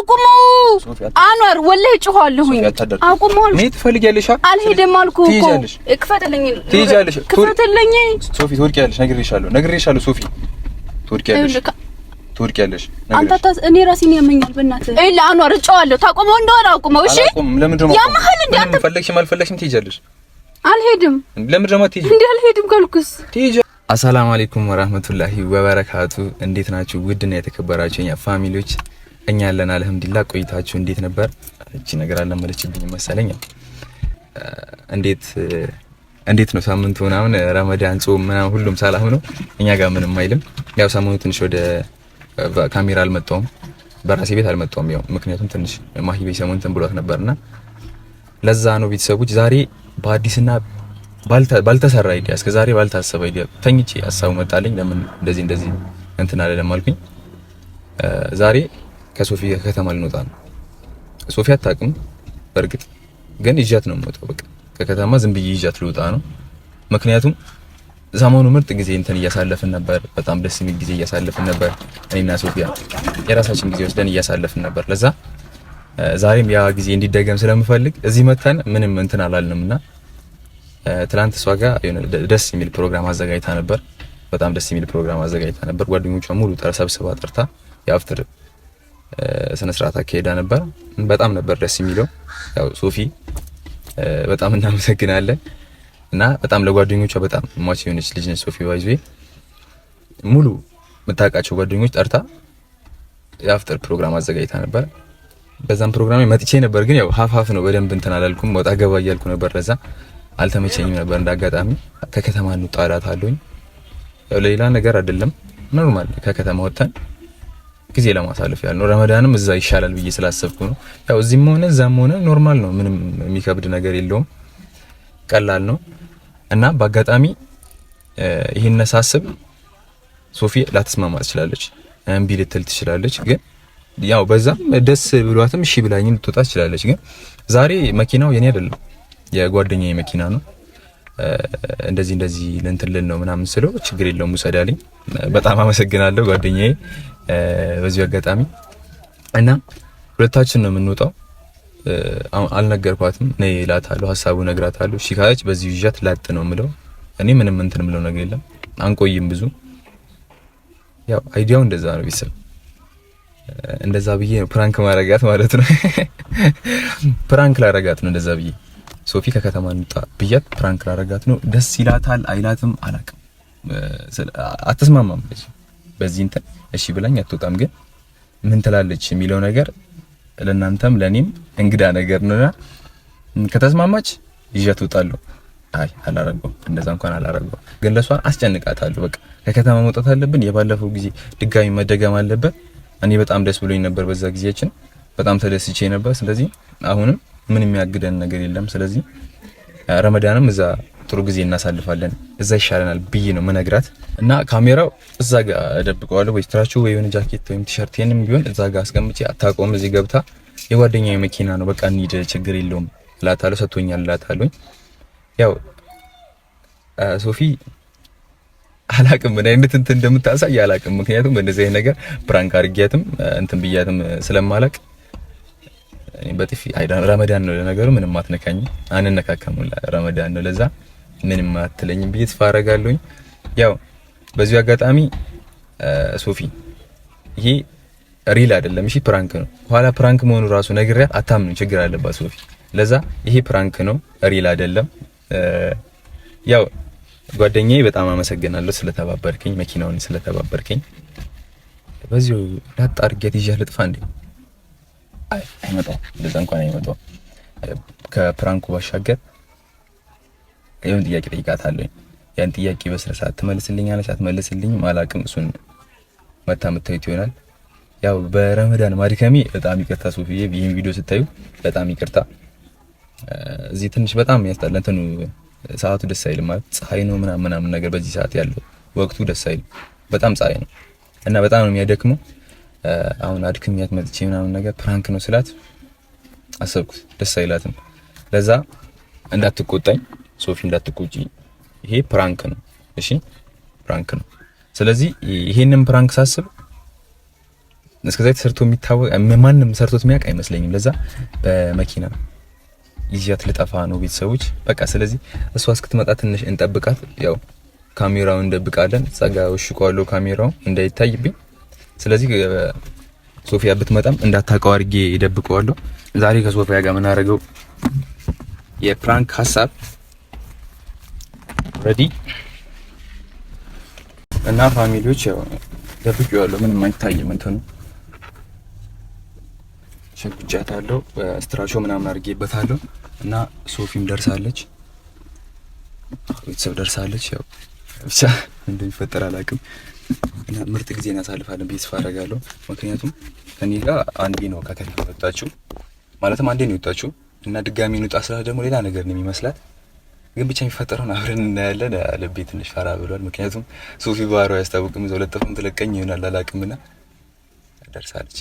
አቁመው አኗር ወላሂ ጮኋለሁኝ። አቁመው ትፈልጊያለሽ? አልሄድም አልኩ እኮ ክፈትልኝ፣ ትሄጃለሽ። ክፈትልኝ ሶፊ፣ ትወድቂያለሽ። ነግሬሻለሁ፣ ነግሬሻለሁ ሶፊ፣ ትወድቂያለሽ ትወድቂያለሽ። አንተ እኔ ራሴን ያመኛል። በእናትህ ታቆመው እንደሆነ አቁመው። እሺ ያመሃል እንዴ አንተ? ፈለግሽም አልፈለግሽም ትሄጃለሽ። አልሄድም። ለምንድን ነው የማትሄጂው? እንዴ አልሄድም ካልኩስ ትሄጃለሽ። አሰላሙ አለይኩም ወራህመቱላሂ ወበረካቱ። እንዴት ናችሁ? ውድና የተከበራችሁ የኛ ፋሚሊዎች እኛ ያለን አልሐምዱሊላ። ቆይታችሁ እንዴት ነበር? እቺ ነገር አልለመደችብኝ መሰለኝ። እንዴት እንዴት ነው ሳምንቱ ምናምን ረመዳን ጾም ምናምን ሁሉም ሰላም ነው። እኛ ጋር ምንም አይልም። ያው ሰሞኑ ትንሽ ወደ ካሜራ አልመጣሁም፣ በራሴ ቤት አልመጣሁም። ያው ምክንያቱም ትንሽ ማሂ ቤት ሰሞኑን እንትን ብሏት ነበርና ለዛ ነው ቤተሰቦች። ዛሬ በአዲስና ባልተሰራ አይዲያ እስከ ዛሬ ባልታሰበ አይዲያ ተኝቼ ሀሳቡ መጣልኝ። ለምን እንደዚህ እንደዚህ እንትን አለ ለማልኩኝ ዛሬ ከሶፊያ ከተማ ልንወጣ ነው። ሶፊያ አታውቅም በእርግጥ ግን ይዣት ነው የምወጣው። በቃ ከከተማ ዝም ብዬ ይዣት ልወጣ ነው። ምክንያቱም ዘመኑ ምርጥ ጊዜ እንትን እያሳለፍን ነበር። በጣም ደስ የሚል ጊዜ እያሳለፍን ነበር። እኔና ሶፊያ የራሳችን ጊዜ ወስደን እያሳለፍን ነበር። ለዛ ዛሬም ያ ጊዜ እንዲደገም ስለምፈልግ እዚህ መተን ምንም እንትን አላልንም እና ትናንት እሷ ጋር ደስ የሚል ፕሮግራም አዘጋጅታ ነበር። በጣም ደስ የሚል ፕሮግራም አዘጋጅታ ነበር። ጓደኞቿ ሙሉ ተሰብስባ ጠርታ የአፍትር ስነ ስርዓት አካሄዳ ነበር። በጣም ነበር ደስ የሚለው። ያው ሶፊ በጣም እናመሰግናለን እና በጣም ለጓደኞቿ በጣም ሟች የሆነች ልጅ ነች ሶፊ ባይዙ ሙሉ የምታውቃቸው ጓደኞች ጠርታ የአፍጥር ፕሮግራም አዘጋጅታ ነበር። በዛም ፕሮግራም መጥቼ ነበር፣ ግን ያው ሀፍ ሀፍ ነው በደንብ እንትን አላልኩም። ወጣ ገባ እያልኩ ነበር፣ ለዛ አልተመቸኝም ነበር። እንዳጋጣሚ ከከተማ እንውጣ እላታለሁኝ። ያው ለሌላ ነገር አይደለም፣ ኖርማል ከከተማ ወጥተን ጊዜ ለማሳለፍ ያህል ነው። ረመዳንም እዛ ይሻላል ብዬ ስላሰብኩ ነው። ያው እዚህም ሆነ እዛም ሆነ ኖርማል ነው። ምንም የሚከብድ ነገር የለውም። ቀላል ነው እና በአጋጣሚ ይህን ሳስብ ሶፊ ላትስማማ ትችላለች፣ እምቢ ልትል ትችላለች። ግን ያው በዛም ደስ ብሏትም እሺ ብላኝ ልትወጣ ትችላለች። ግን ዛሬ መኪናው የኔ አይደለም የጓደኛዬ መኪና ነው። እንደዚህ እንደዚህ ልንትልን ነው ምናምን ስለው ችግር የለውም ውሰድ በጣም አመሰግናለሁ ጓደኛዬ። በዚሁ አጋጣሚ እና ሁለታችን ነው የምንወጣው። አልነገርኳትም። ነይ እላታለሁ፣ ሀሳቡን እነግራታለሁ። እሺ ካለች በዚህ ይዣት ላጥ ነው የምለው። እኔ ምንም እንትን የምለው ነገር የለም። አንቆይም ብዙ። ያው አይዲያው እንደዛ ነው ቤተሰብ እንደዛ ብዬ ፕራንክ ማረጋት ማለት ነው። ፕራንክ ላረጋት ነው እንደዛ ብዬ ሶፊ ከከተማ እንውጣ ብያት ፕራንክ ላረጋት ነው። ደስ ይላታል አይላትም አላውቅም። አትስማማም በዚህ እንትን እሺ ብላኝ አትወጣም፣ ግን ምን ትላለች የሚለው ነገር ለእናንተም ለእኔም እንግዳ ነገር ነውና ከተስማማች ይዣት እወጣለሁ። አይ አላረገውም፣ እንደዛ እንኳን አላረገውም፣ ግን ለሷ አስጨንቃታለሁ። በቃ ከከተማ መውጣት አለብን። የባለፈው ጊዜ ድጋሚ መደገም አለበት። እኔ በጣም ደስ ብሎኝ ነበር በዛ ጊዜያችን፣ በጣም ተደስቼ ነበር። ስለዚህ አሁንም ምን የሚያግደን ነገር የለም። ስለዚህ ረመዳንም እዛ ጥሩ ጊዜ እናሳልፋለን፣ እዛ ይሻለናል ብዬ ነው መነግራት እና ካሜራው እዛ ጋ እደብቀዋለሁ ወይ ስትራቹ ወይ የሆነ ጃኬት ወይም ቲሸርት ይሄንም ቢሆን እዛ ጋ አስቀምጬ አታውቀውም። እዚህ ገብታ የጓደኛዬ መኪና ነው በቃ እንሂድ፣ ችግር የለውም እላታለሁ። ሰጥቶኛል እላታለሁኝ። ያው ሶፊ አላቅም ምን አይነት እንትን እንደምታሳይ አላቅም። ምክንያቱም በእንደዚህ አይነት ነገር ፕራንክ አድርጊያትም እንትን ብያትም ስለማላቅ በጥፊ አይዳን ረመዳን ነው ለነገሩ፣ ምንም አትነካኝ፣ አንነካከሙላ ረመዳን ነው ለዛ ምንም አትለኝም ብዬ ተስፋ አደርጋለሁኝ። ያው በዚሁ አጋጣሚ ሶፊ ይሄ ሪል አይደለም፣ እሺ ፕራንክ ነው። በኋላ ፕራንክ መሆኑ ራሱ ነግሬያት አታምንም፣ ችግር አለባት ሶፊ። ለዛ ይሄ ፕራንክ ነው፣ ሪል አይደለም። ያው ጓደኛዬ በጣም አመሰግናለሁ ስለተባበርከኝ፣ መኪናውን ስለተባበርከኝ። በዚሁ ላጣ አድርጌያት ይዤ ልጥፋ እንዴ? አይ አይመጣም፣ እንደዛ እንኳን አይመጣም። ከፕራንኩ ባሻገር ይሁን ጥያቄ ጠይቃታለሁ። ያን ጥያቄ በስነ ስርዓት ትመልስልኝ አለች። አትመልስልኝ አላውቅም። እሱን መታ የምታዩት ይሆናል። ያው በረመዳን ማድከሜ በጣም ይቅርታ ሶፊዬ፣ ይህን ቪዲዮ ስታዩ በጣም ይቅርታ። እዚህ ትንሽ በጣም ያስጣል እንትኑ ሰዓቱ ደስ አይልም። ማለት ፀሐይ ነው ምናምን ምናምን ነገር በዚህ ሰዓት ያለው ወቅቱ ደስ አይልም። በጣም ፀሐይ ነው እና በጣም ነው የሚያደክመው። አሁን አድክሚያት መጥቼ ምናምን ነገር ፕራንክ ነው ስላት አሰብኩት፣ ደስ አይላትም። ለዛ እንዳትቆጣኝ ሶፊ እንዳትቆጪ፣ ይሄ ፕራንክ ነው። እሺ ፕራንክ ነው። ስለዚህ ይሄንን ፕራንክ ሳስብ እስከዛ ተሰርቶ የሚታወቅ ማንም ሰርቶት የሚያውቅ አይመስለኝም። ለዛ በመኪና ይዣት ልጠፋ ነው ቤተሰቦች በቃ። ስለዚህ እሷ እስክትመጣ ትንሽ እንጠብቃት። ያው ካሜራውን እንደብቃለን። ጸጋ ወሽቋለው ካሜራው እንዳይታይብኝ። ስለዚህ ሶፊያ ብትመጣም እንዳታውቀው አድርጌ ይደብቀዋለሁ። ዛሬ ከሶፊያ ጋር የምናደርገው የፕራንክ ሀሳብ ኦልሬዲ እና ፋሚሊዎች ያው ደብቁ ያለው ምንም አይታይም እንትኑ ሸግጃታለሁ ስትራቾ ምናምን አድርጌበታለሁ እና ሶፊም ደርሳለች፣ ቤተሰብ ደርሳለች። ያው ብቻ እንደሚፈጠር አላውቅም። እና ምርጥ ጊዜ እናሳልፋለን ብዬ ተስፋ አደርጋለሁ። ምክንያቱም ከኔ ጋር አንዴ ነው ከከተማ ወጣችሁ ማለትም አንዴ ነው የወጣችሁ እና ድጋሚ እንውጣ ስላት ደግሞ ሌላ ነገር ነው የሚመስላት ግን ብቻ የሚፈጠረውን አብረን እናያለን። ልቤ ትንሽ ፈራ ብሏል። ምክንያቱም ሶፊ ባህሪዋ አያስታውቅም። እዛ ሁለት ትለቀኝ ይሆናል አላውቅምና ደርሳለች።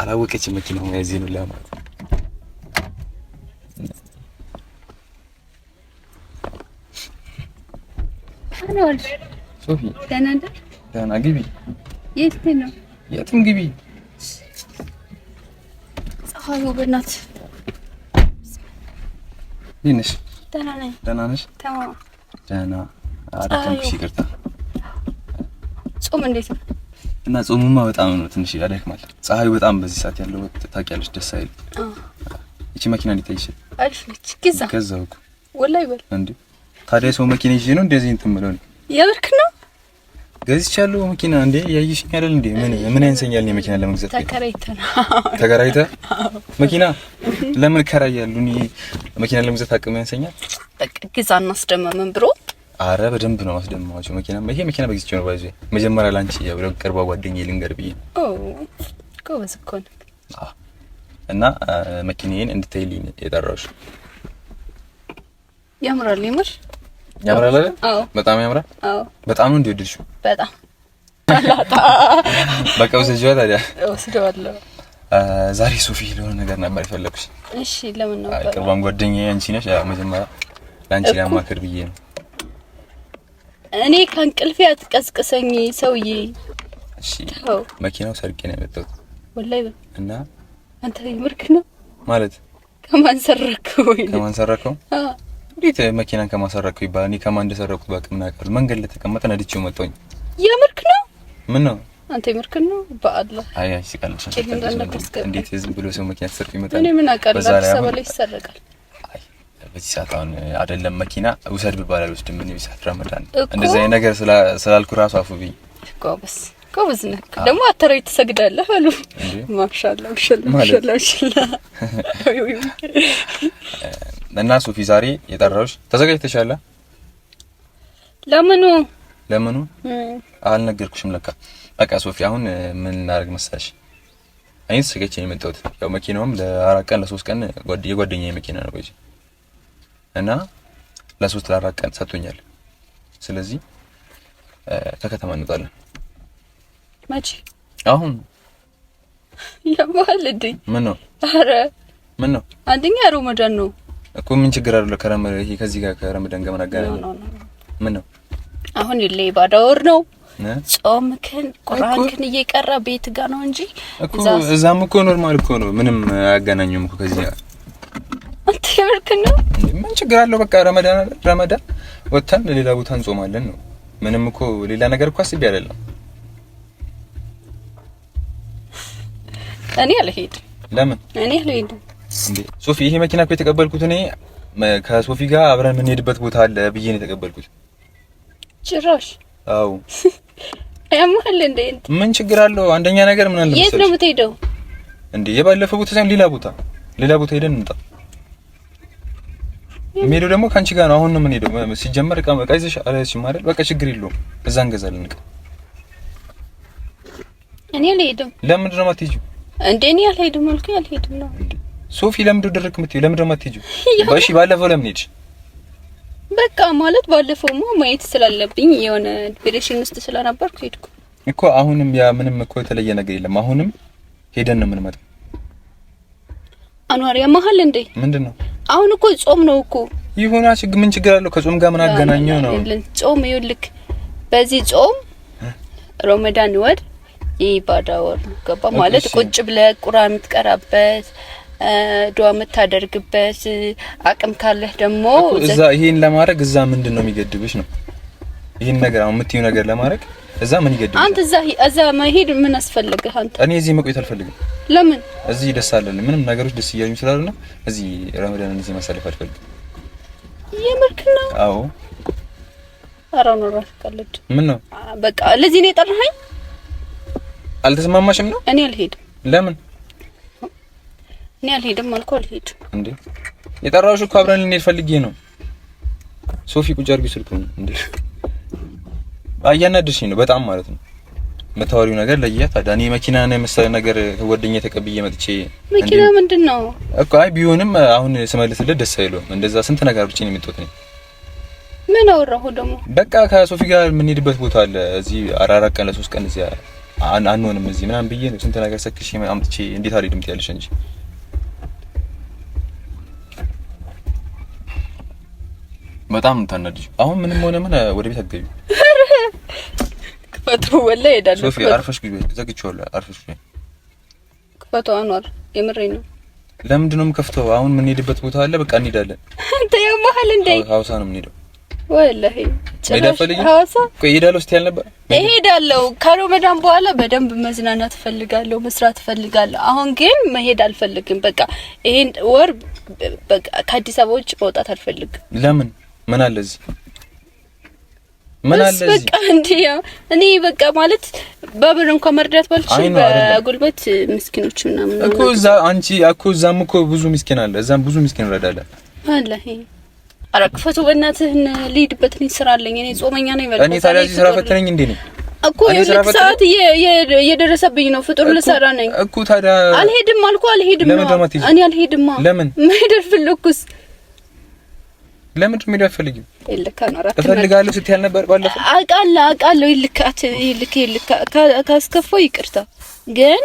አላወቀች መኪናው ነው ለማለት ሶፊ ደህና ግቢ። የት ነው? የትም ግቢ። ፀሐዩ በእናትህ እንዴት ነሽ? ደህና ነኝ። ደህና ነሽ? ደህና አደረኩሽ። ይቅርታ። ጾም እንዴት ነው? እና ጾሙማ በጣም ነው ትንሽ ያደክማል። ፀሐዩ በጣም በዚህ ሰዓት ያለው ወጥ ታውቂያለሽ፣ ደስ አይል። እቺ መኪና እንዴት አይሽ? አሪፍ ነች። ገዛ ገዛው እኮ ወላሂ በል እንዴ። ታዲያ ሰው መኪና ይዤ ነው እንደዚህ እንትን የምለው ነው። የብርክ ነው ገዝቻለሁ መኪና። እንዴ ያይሽኝ አይደል እንዴ? ምን ምን ያንሰኛል ነው መኪና ለመግዛት? ተከራይተህ ነው ተከራይተህ መኪና ለምን ከራያለሁ እኔ መኪና ለመግዛት አቅም ያንሰኛል። በቃ ግዛ እናስደመምን ብሎ አረ በደንብ ነው ማስደመማቸው። መኪና ይሄ መኪና በጊዜች ነው ባይዙ መጀመሪያ ላንቺ ያብለው ቅርባ ጓደኛዬ ልንገር ብዬ ኦ ጎበዝ እኮ ነው። እና መኪናዬን እንድትይልኝ የጠራሁሽ። ያምራል ይምር ያምራል አይደል? አዎ በጣም ያምራል። አዎ በጣም ነው እንደወደድሽው። በጣም በቃ ወስጄዋ ታዲያ ወስደዋለሁ። ዛሬ ሶፊ ለሆነ ነገር ነበር የፈለኩሽ። እሺ፣ ለምን ነው? ነበር? ቅርቧን ጓደኛዬ አንቺ ነሽ። ያው መጀመሪያ ለአንቺ ላማክር ብዬ ነው። እኔ ከእንቅልፌ አትቀስቅሰኝ ሰውዬ። እሺ፣ መኪናው ሰርቄ ነው የመጣሁት ወላሂ። እና አንተ ይምርክ ነው ማለት ከማን ሰረከው? ወይ ከማን ሰረከው? እንዴት መኪናን ከማን ሰረከው ይባላል? እኔ ከማን እንደሰረኩት በቃ ምን አውቃለሁ። መንገድ ለተቀመጠ ነድቼው መጣሁኝ። የምርክ ነው? ምን ነው አንተ የምርክን ነው በአላ አይ አይ ሲቀልድ እንዴት ዝም ብሎ ሰው መኪና ተሰርቆ ይመጣል? እኔ ምን አውቃለሁ? አዲስ አበባ ላይ ይሰረቃል። በዚህ ሰዓት አሁን አይደለም መኪና ውሰድ ብባል አልወስድም። ምን ቢሳት ረመዳን እንደዚህ አይነት ነገር ስላልኩ ራሱ አፉብኝ። ጎበስ ጎበዝ ነህ ደግሞ አተራዊ ትሰግዳለህ አሉ። ማሻአላ ማሻአላ እና ሶፊ ዛሬ የጠራሁሽ ተዘጋጅተሻል? ለምኑ ለምኑ አልነገርኩሽም ለካ በቃ ሶፊ አሁን ምን እናደርግ መሰለሽ? አይን ተሰገቼ ነው የመጣሁት። ያው መኪናውም ለአራት ቀን ለሶስት ቀን የጓደኛዬ መኪና ነው ገዢ እና ለሶስት ለአራት ቀን ሰጥቶኛል። ስለዚህ ከከተማ እንወጣለን። መቼ? አሁን የባህል እድይ ምን ነው? አረ ምን ነው? አንደኛ ረመዳን ነው እኮ ምን ችግር አለ? ከረመ ይሄ ከዚህ ጋር ከረመዳን ጋር ምን አገናኘው? ምን ነው አሁን? ለኢባዳ ወር ነው ጾምክን ቁርአንክን እየቀራ ቤት ጋ ነው እንጂ እዛም እኮ ኖርማል እኮ ነው። ምንም አያገናኙም እኮ ከዚህ አንተ የምልክን ነው። ምን ችግር አለው? በቃ ረመዳን አለ ረመዳን ወጥተን ለሌላ ቦታ እንጾማለን ነው። ምንም እኮ ሌላ ነገር እኮ አስቤ አይደለም። እኔ አልሄድም። ለምን እኔ አልሄድም? እንዴ ሶፊ፣ ይሄ መኪና እኮ የተቀበልኩት እኔ ከሶፊ ጋር አብረን የምንሄድበት ቦታ አለ ብዬ ነው የተቀበልኩት። ጭራሽ አው ያማል እንዴ? እንት ምን ችግር አለው? አንደኛ ነገር ምን አለ? የት ነው የምትሄደው? እንዴ የባለፈው ቦታ ሳይሆን ሌላ ቦታ ሌላ ቦታ ሄደን እንጣ። የምሄደው ደግሞ ከአንቺ ጋር ነው። አሁን ነው የምንሄደው። ሲጀመር ዕቃ በቃ ይዘሽ አለችኝ ማለት በቃ ችግር የለውም። እዛ እንገዛለን ዕቃ። እኔ አልሄድም። ለምንድን ነው የማትሄጂው? እንዴ እኔ አልሄድም አልኩኝ። አልሄድም ነው ሶፊ። ለምንድን ነው ድርቅ የምትይው? ለምንድን ነው የማትሄጂው? ባለፈው ለምን ሄድሽ? በቃ ማለት ባለፈውማ ማየት ስላለብኝ የሆነ ዲፕሬሽን ውስጥ ስለነበርኩ ሄድኩ እኮ። አሁንም ያ ምንም እኮ የተለየ ነገር የለም። አሁንም ሄደን ነው የምንመጣው። አንዋር መሀል እንዴ? ምንድን ነው አሁን? እኮ ጾም ነው እኮ ይሁን። አሽግ ምን ችግር አለው? ከጾም ጋር ምን አገናኘው ነው? ጾም ይኸውልህ፣ በዚህ ጾም ሮመዳን ወር የኢባዳ ወር ገባ ማለት ቁጭ ብለህ ቁርአን የምትቀራበት ዱዓ የምታደርግበት አቅም ካለህ ደግሞ እዛ ይሄን ለማድረግ እዛ ምንድን ነው የሚገድብሽ ነው? ይሄን ነገር አሁን የምትይው ነገር ለማድረግ እዛ ምን ይገድብ አንተ እዛ እዛ መሄድ ምን አስፈልግህ? አንተ እኔ እዚህ መቆየት አልፈልግም። ለምን? እዚህ ደስ አለልኝ። ምንም ነገሮች ደስ እያሉኝ ስላልሆነ እዚህ ረመዳን እዚህ ማሳለፍ አልፈልግም። የምርክ ነው? አዎ። ኧረ ነው እራሱ ምን ነው በቃ ለዚህ ነው የጠራኸኝ? አልተስማማሽም ነው? እኔ አልሄድም። ለምን እኔ አልሄድም አልኩህ አልሄድም። እንዴ የጠራሁሽ እኮ አብረን ልንሄድ ፈልጌ ነው። ሶፊ ቁጭ አድርጊው ስልኩን። እንዴ እያናደድሽኝ ነው በጣም ማለት ነው። የምታወሪው ነገር ለያት። ታዲያ እኔ መኪና ነው የመሰለ ነገር ወደኛ ተቀብዬ መጥቼ መኪና ምንድን ነው እኮ። አይ ቢሆንም አሁን ስመልስልህ ደስ አይለውም። እንደዛ ስንት ነገር ብቻ ነው የምትወት ነኝ። ምን አወራሁ ደግሞ። በቃ ከሶፊ ጋር የምንሄድበት ቦታ አለ እዚህ አራራ ቀን ለሶስት ቀን እዚያ አንሆንም እዚህ ምናምን ብዬ ነው ስንት ነገር ሰክሼ አምጥቼ እንዴት አልሄድም ትያለሽ እንጂ በጣም ታናድጅ። አሁን ምንም ሆነ ምን ወደ ቤት አትገቢ። ክፈቱ፣ ወላሂ እሄዳለሁ። ሶፊ አርፈሽ ግቢ፣ ዘግቼዋለሁ። አርፈሽ ግቢ። ክፈቱ አኗር፣ የምሬን ነው። ለምንድን ነው የምከፍተው? አሁን የምንሄድበት ቦታ አለ። በቃ እንሄዳለን። አንተ ያው መሀል እንደ ሀዋሳ ነው የምንሄደው። ወላሂ ሀዋሳ እሄዳለሁ ስትይ አልነበረ? እሄዳለሁ። ከሮመዳን በኋላ በደንብ መዝናናት እፈልጋለሁ፣ መስራት እፈልጋለሁ። አሁን ግን መሄድ አልፈልግም። በቃ ይሄን ወር በቃ ከአዲስ አበባ ውጭ መውጣት አልፈልግም። ለምን ምን አለ እዚህ ምን አለ እዚህ? በቃ እንዴ እኔ በቃ ማለት በብር እንኳን መርዳት ባልችል በጉልበት ምስኪኖች ምናምን እኮ እዛ አንቺ እኮ እዛም እኮ ብዙ ምስኪን አለ፣ እዛም ብዙ ምስኪን እንረዳለን አለ። ኧረ ክፈቱ በእናትህን ልሂድበት፣ እኔ ስራ አለኝ። እኔ ጾመኛ ነኝ በልኩ። እኔ ታዲያ ስራ ፈተነኝ እንዴ ነኝ እኮ የሁለት ሰዓት እየደረሰብኝ ነው። ፍጡር ልሰራ ነኝ እኮ ታዲያ አልሄድም አልኩ። አልሄድም ነው እኔ አልሄድማ። ለምን መሄድ አልፈለኩስ ለምን ምን አትፈልጊም? ይልካ ነው አራት እፈልጋለሁ ስትይ አልነበር ባለፈው? አውቃለሁ አውቃለሁ። ይልካት ይልክ ይልካ ካስከፋው ይቅርታ። ግን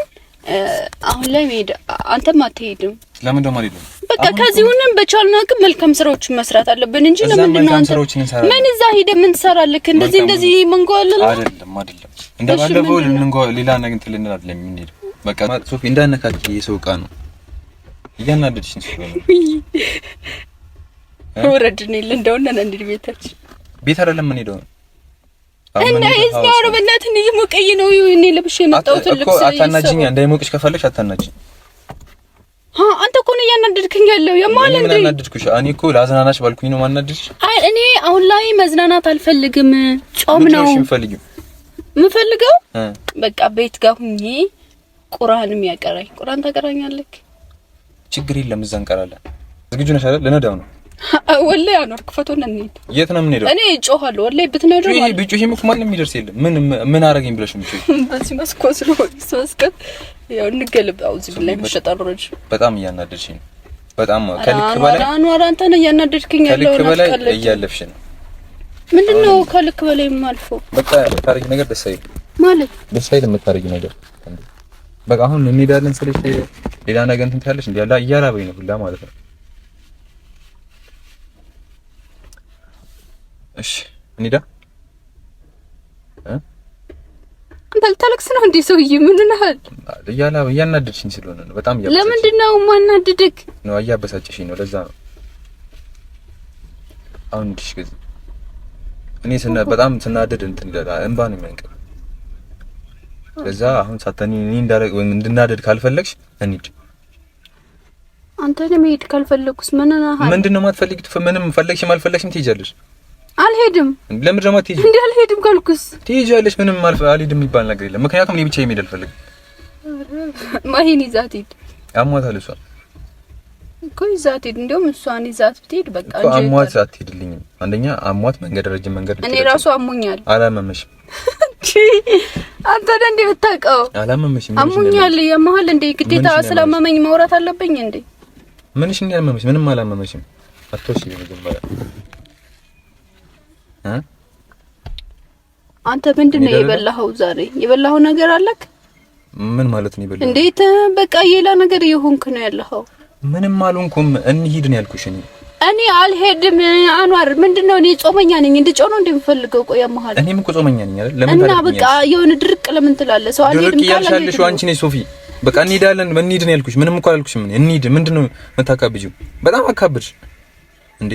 አሁን ላይ መሄድ አንተም አትሄድም። ለምን ደማ አይደለም። በቃ ከዚህ ሁነን በቻልነው አቅም መልካም ስራዎችን መስራት አለብን እንጂ ለምንድን ነው አንተ ምን እዛ ሄደ ምን ትሰራለህ? እንደዚህ እንደዚህ መንጓለል አይደለም አይደለም። እንደ ባለፈው ልንንጓ ሌላ ነገር እንትን ልንል አይደለም የምንሄደው። በቃ ሶፊ እንዳነካኪ የሰው ዕቃ ነው እያናደድሽኝ ነው ወረድን የለ እንደውነን እንዴ ቤታችን ቤት አይደለም ምን ሄደው እና እዚህ አውሮ በእናትህ እየሞቀኝ ነው። እኔ ለብሼ የመጣሁት ልብስ አታናጅኝ። እንዳይሞቅሽ ከፈለሽ አታናጅኝ። አንተ እኮ ነው እያናደድክኝ ያለው የማለ እንዴ እናደድኩሽ። እኔ እኮ ላዝናናሽ ባልኩኝ ነው ማናደድሽ። አይ እኔ አሁን ላይ መዝናናት አልፈልግም። ጾም ነው የምፈልገው። በቃ ቤት ጋር ሁኚ። ቁርአንም ያቀራኝ ቁርአን ታቀራኛለህ። ችግር የለም እዛ እንቀራለን። ዝግጁ ነሽ አይደል? ልነዳው ነው ወላሂ አኖር ክፈቱን እንሂድ። የት ነው የምንሄደው? እኔ እጮኻለሁ። ወላሂ ብትነዱ ብጮሄም እኮ ማንም የሚደርስ የለም። ምን ምን አረገኝ ብለሽ ነው በዚህ መስኮት ነው መስኮት ያው እንገለብ አውዚ ብላይ መሸጠሮች በጣም እያናደድሽኝ ነው። በጣም ከልክ በላይ አኗር፣ አንተን እያናደድክኝ ያለው ከልክ በላይ እያለፍሽ ነው። ምንድን ነው ከልክ በላይ ማልፎ? በቃ የምታረጊ ነገር ደስ አይልም ማለት ደስ አይልም የምታረጊ ነገር በቃ አሁን እንሄዳለን ስልሽ ሌላ ነገር እንትን ትያለሽ እንዴ? ያላ እያራበኝ ነው ሁላ ማለት ነው እሺ እንሂዳ። አንተ ልታለቅስ ነው እንዴ? ሰውዬ ምን ነሃል? ያላ እያናደድሽኝ ስለሆነ ነው። በጣም ያበሳጭ። ለምንድን ነው ማናደድክ? ነው እያበሳጭሽኝ ነው። ለዛ ነው አሁን እንዲሽ ግዝ እኔ ስና በጣም ስናደድ እንትን ይላል፣ እንባ ነው የሚያንቀው። ለዛ አሁን ሳተኒ እኔ እንዳደረግ ወይ እንድናደድ ካልፈለግሽ እንሂድ። አንተ ለምን መሄድ ካልፈለግኩስ? ምን ነህ? ምንድን ነው የማትፈልጊው? ምንም ፈለግሽም አልፈለግሽም ትሄጃለሽ። አልሄድም። ለምን ነው የማትሄጂው? እንዴ አልሄድም ካልኩስ? ትሄጃለሽ። ምንም አልሄድም የሚባል ነገር የለም። ምክንያቱም እኔ ብቻ የሚሄድ አልፈልግም። ማሂን ይዛት ሂድ። አሟታል እሷ እኮ ይዛት ሂድ። እንደውም እሷን ይዛት ብትሄድ በቃ እንጂ አሟት አትሄድልኝም። አንደኛ አሟት መንገድ ረጅም መንገድ እኔ ራሱ አሞኛል። አላመመሽም አንተ ደን እንደ ብታውቀው አላመመሽም። አሞኛል የመሀል እንደ ግዴታ ስላመመኝ ማውራት አለብኝ እንዴ? ምንሽ እንደ አመመሽ? ምንም አላመመሽም። አትወሽ ይመጀመሪያ አንተ ምንድን ነው የበላኸው ዛሬ? የበላኸው ነገር አለክ? ምን ማለት ነው የበላኸው? እንዴት በቃ ሌላ ነገር እየሆንክ ነው ያለኸው? ምንም አልሆንኩም። እንሂድ ነው ያልኩሽ እኔ እኔ አልሄድም። አንዋር ምንድነው? እኔ ጾመኛ ነኝ። እንድጮህ ነው እንደምፈልገው። ቆይ ያመሃል። እኔም እኮ ጾመኛ ነኝ አይደል? ለምን ታዲያ እና በቃ የሆነ ድርቅ ለምን ትላለህ? ሰው አልሄድም ካላልሽ አንቺ ነሽ ሶፊ። በቃ እንሄዳለን፣ እንሂድ ነው ያልኩሽ። ምንም እኮ አላልኩሽም። ምን እንሂድ? ምንድነው የምታካብጂው? በጣም አካብድሽ እንዴ!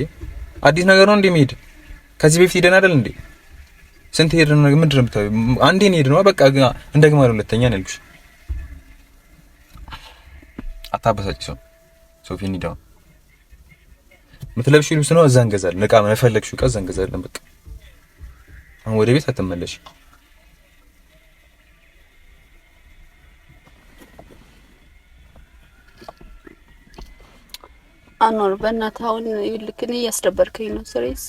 አዲስ ነገር ነው እንደሚሄድ ከዚህ በፊት ሄደን አይደል እንዴ? ስንት ሄደን ነው? ምንድን ነው የምታየው? አንዴ ነው ሄድነው። በቃ እንደግማ ነው። ሁለተኛ ነው ያልኩሽ። አታበሳጭ ሰው ሶፊ ኒዳው የምትለብሺው ልብስ ነው። እዛ እንገዛለን። እቃ መፈለግሽው እቃ እዛ እንገዛለን። በቃ አሁን ወደ ቤት አትመለሽ። አኖር በእናትህ አሁን ይልክ እኔ እያስደበርከኝ ነው። ስሬስ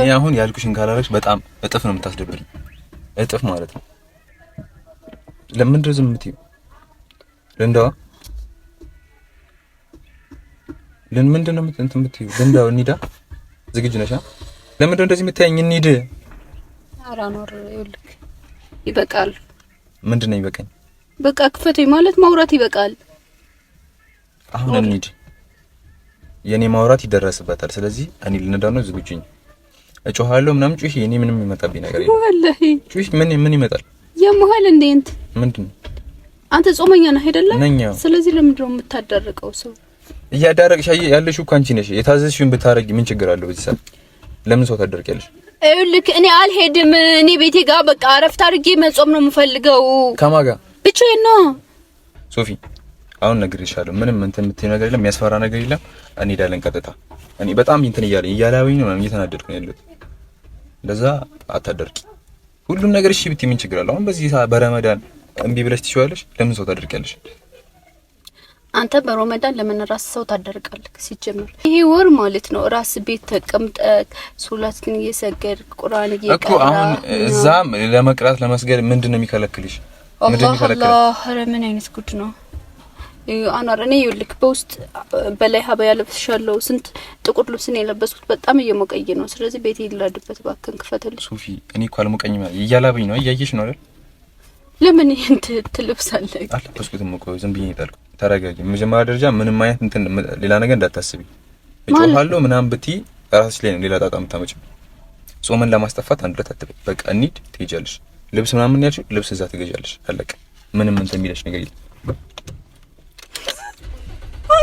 እኔ አሁን ያልኩሽን ካላረግሽ በጣም እጥፍ ነው የምታስደብርኝ፣ እጥፍ ማለት ነው። ለምንድን ነው ዝም የምትይው? ልንዳዋ ልን ምንድን ነው እንትን የምትይው? ልንዳው እንሂዳ። ዝግጁ ነሻ? ለምንድን ነው እንደዚህ የምታየኝ? እንሂድ። ኧረ አኖር ይልክ ይበቃል። ምንድን ነው ይበቃኝ? በቃ ክፈተኝ ማለት ማውራት ይበቃል። አሁን እንሂድ የእኔ ማውራት ይደረስበታል። ስለዚህ እኔ ልነዳ ነው ዝግጁኝ። እጮሃለሁ ምናምን ጩህ የኔ ምንም ይመጣብኝ ነገር የለም። ወላሂ ጩህ ምን ምን ይመጣል? የመሃል እንደ እንት ምንድን አንተ ጾመኛ ነህ አይደለ? ስለዚህ ለምንድን ነው የምታዳርቀው? ሰው እያዳረቅሽ ያለሽ እኮ አንቺ ነሽ። የታዘዝሽውን ብታረጊ ምን ችግር አለው? በዚህ ሰዓት ለምን ሰው ታደርቂያለሽ? ይኸውልህ እኔ አልሄድም። እኔ ቤቴ ጋር በቃ አረፍት አድርጌ መጾም ነው የምፈልገው። ከማን ጋር? ብቻዬን ነው ሶፊ አሁን ነግሬሻለሁ። ምንም እንትን የምትይው ነገር የለም፣ የሚያስፈራ ነገር የለም። እንሄዳለን ቀጥታ። እኔ በጣም እንትን እያለኝ እያላወኝ ነው፣ እየተናደድኩ ነው ያለሁት። እንደዛ አታደርቂ። ሁሉም ነገር እሺ ብትይ ምን ችግር አለ? አሁን በዚህ ሰዓት በረመዳን እምቢ ብለሽ ትችያለሽ። ለምን ሰው ታደርቂያለሽ? አንተ በረመዳን ለምን ራስ ሰው ታደርቃለህ? ሲጀምር ይሄ ወር ማለት ነው ራስ ቤት ተቀምጠህ ሶላትን እየሰገድክ ቁርአን እየቀራህ እኮ አሁን እዛም ለመቅራት ለመስገድ ምንድን ነው የሚከለክልሽ? ምንድን ነው የሚከለክልሽ? አላህ ምን አይነት ጉድ ነው? አኗር እኔ ይልክ በውስጥ በላይ ሀባ ያለብስሻለሁ። ስንት ጥቁር ልብስን የለበስኩት በጣም እየሞቀኝ ነው። ስለዚህ ቤት ይላድበት ባከን ክፈተልሽ። ሱፊ እኔ እኮ አልሞቀኝም፣ እያላበኝ ነው። እያየሽ ነው አይደል? ለምን ይህን ትልብሳለህ? አልለበስኩትም እኮ ዝም ብዬ ነው ተረጋጊ። መጀመሪያ ደረጃ ምንም አይነት እንትን ሌላ ነገር እንዳታስቢ። እጮሃለሁ ምናምን ብትይ ራስሽ ላይ ሌላ ጣጣ የምታመጪው። ጾመን ለማስጠፋት አንድ ሁለት አትበይ። በቃ እንሂድ፣ ትሄጃለሽ። ልብስ ምናምን ያልሽው ልብስ እዛ ትገዣለሽ። አለቀ። ምንም እንትን የሚለሽ ነገር የለም።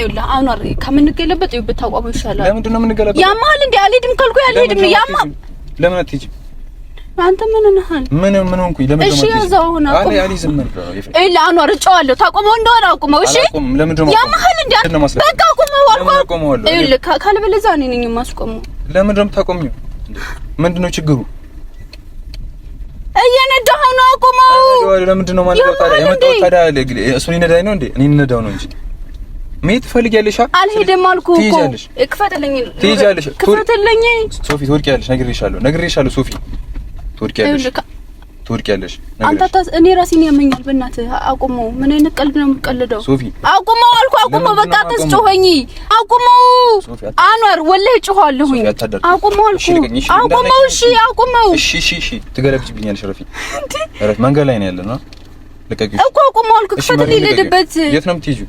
ይኸውልህ አኗር ከምንገለበጥ ይኸው ብታቋሙ ይሻላል። ለምንድን ነው የምንገለበጥ? ያማል እንዴ? አልሄድም ካልኩ ያልሄድም። ያማ ለምን አትሄጂም? አንተ ምን ነሃል? ምን ምን ሆንኩኝ? ለምን እሺ፣ እዛው ሆነ አቁም። አይ ዝም ነው ይኸውልህ አኗር እጨዋለሁ። ታቆመው እንደሆነ አቁመው። እሺ፣ አቁም። ያማል እንዴ? በቃ አቁመው አልኩ። ይኸውልህ ካልበለዚያ እኔ ነኝ የማስቆመው። ለምን ደሞ ታቆሚው? ምንድን ነው ችግሩ? እየነዳኸው ነው። አቁመው። ለምንድን ነው ማለት ነው ታዲያ? የመጣሁት ታዲያ እሱን ይነዳኝ ነው እንዴ? እኔ እንነዳው ነው እንጂ መሄድ ትፈልጊያለሽ? አልሄድም አልኩህ እኮ ክፈትልኝ። ትሄጃለሽ። ክፈትልኝ። ሶፊ ትወድቂያለሽ። ነግሬሻለሁ፣ ነግሬሻለሁ። ሶፊ ትወድቂያለሽ፣ ትወድቂያለሽ። አንተ እኔ ራሴን ያመኛል። በእናትህ አቁመው። ምን አይነት ቀልድ ነው የምትቀልደው? ሶፊ አቁሞ አልኩ። አቁሞ አንዋር፣ ወላሂ ጮኋለሁኝ። አቁመው አልኩህ፣ አቁመው። እሺ፣ አቁሞ እሺ አቁሞ እሺ፣ እሺ። ትገለብጭብኛለሽ። ረፊ ረፊ፣ መንገድ ላይ ነው ያለና እኮ። ክፈትልኝ። ልሂድበት። የት ነው የምትሄጂው?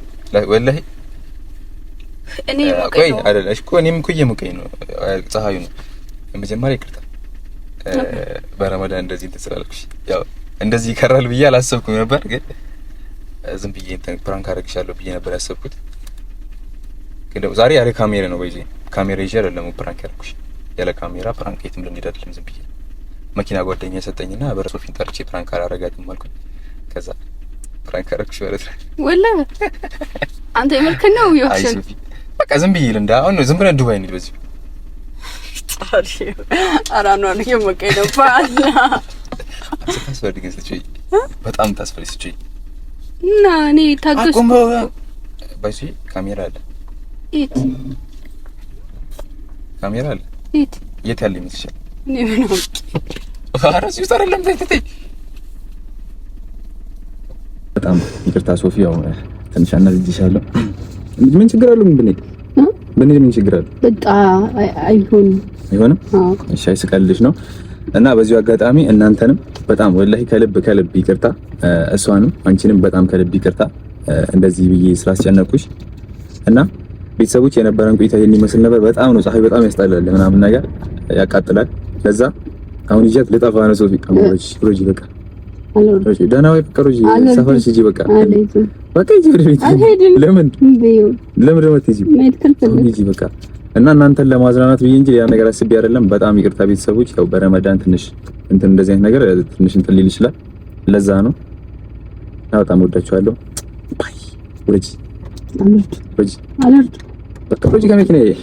ወላሂ እኔ ሙቀኝ አይደለ? እሺ እኮ እኔም እኮ እየሞቀኝ ነው፣ ፀሐዩ ነው። መጀመሪያ ይቅርታ በረመዳን እንደዚህ እንትን ስላልኩሽ፣ ያው እንደዚህ ይከራል ብዬ አላሰብኩም ነበር፣ ግን ዝም ብዬ እንትን ፕራንክ አደርግሻለሁ ብዬ ነበር ያሰብኩት። ግን ደግሞ ዛሬ ያለ ካሜራ ነው በይዜ ካሜራ ይዤ አይደለም ፕራንክ ያደርኩሽ። ያለ ካሜራ ፕራንክ የትም ልንሄድ አይደለም። ዝም ብዬ መኪና ጓደኛ የሰጠኝና በረሶፊን ጠርቼ ፕራንክ አላረጋትም አልኩኝ ከዛ ፍራንክ አደረግሽ ማለት ነው። ወላሂ አንተ የመልክን ነው ይወክሽን በቃ ዝም ብዬ ልምዳ። አሁን ነው ዝም ብለን ዱባይ እንሂድ። በዚህ በጣም ታስፈልግ እና እኔ ታገስ ባይሲ ካሜራ አለ ኢት ካሜራ አለ ኢት የት ያለ ይመስልሻል? እኔ ምን አውቄ ኧረ እዚህ ውስጥ አይደለም በጣም ይቅርታ ሶፊ፣ ያው ትንሽ አናድጄሻለሁ። ምን ችግር አለው? ምን ብንሄድ ብንሄድ ምን ችግር አለው? በቃ አይሆንም፣ አይሆንም። እሺ፣ አይስቀልሽ ነው እና በዚሁ አጋጣሚ እናንተንም በጣም ወላሂ ከልብ ከልብ ይቅርታ፣ እሷንም አንቺንም በጣም ከልብ ይቅርታ እንደዚህ ብዬ ስላስጨነቁሽ እና ቤተሰቦች የነበረን ቆይታ የሚመስል ነበር። በጣም ነው ፀሐይ በጣም ያስጠላል፣ ምናምን ነገር ያቃጥላል። ለዛ አሁን ይዣት ልጠፋ ነው ሶፊ። በቃ ደህና ወይ ፍቅሩ ሰፈር ሂጂ። በቃ በቃ ሂጂ ወደ ቤት። ለምን ለምን ደግሞ ሂጂ በቃ እና እናንተን ለማዝናናት ብዬ እንጂ ሌላ ነገር አስቤ አይደለም። በጣም ይቅርታ ቤተሰቦች፣ ያው በረመዳን ትንሽ እንትን እንደዚህ አይነት ነገር ትንሽ እንትን ሊል ይችላል። ለዛ ነው እና በጣም ወዳችኋለሁ። ባይ ወጂ ወጂ በቃ ወጂ ከመኪና ይሄ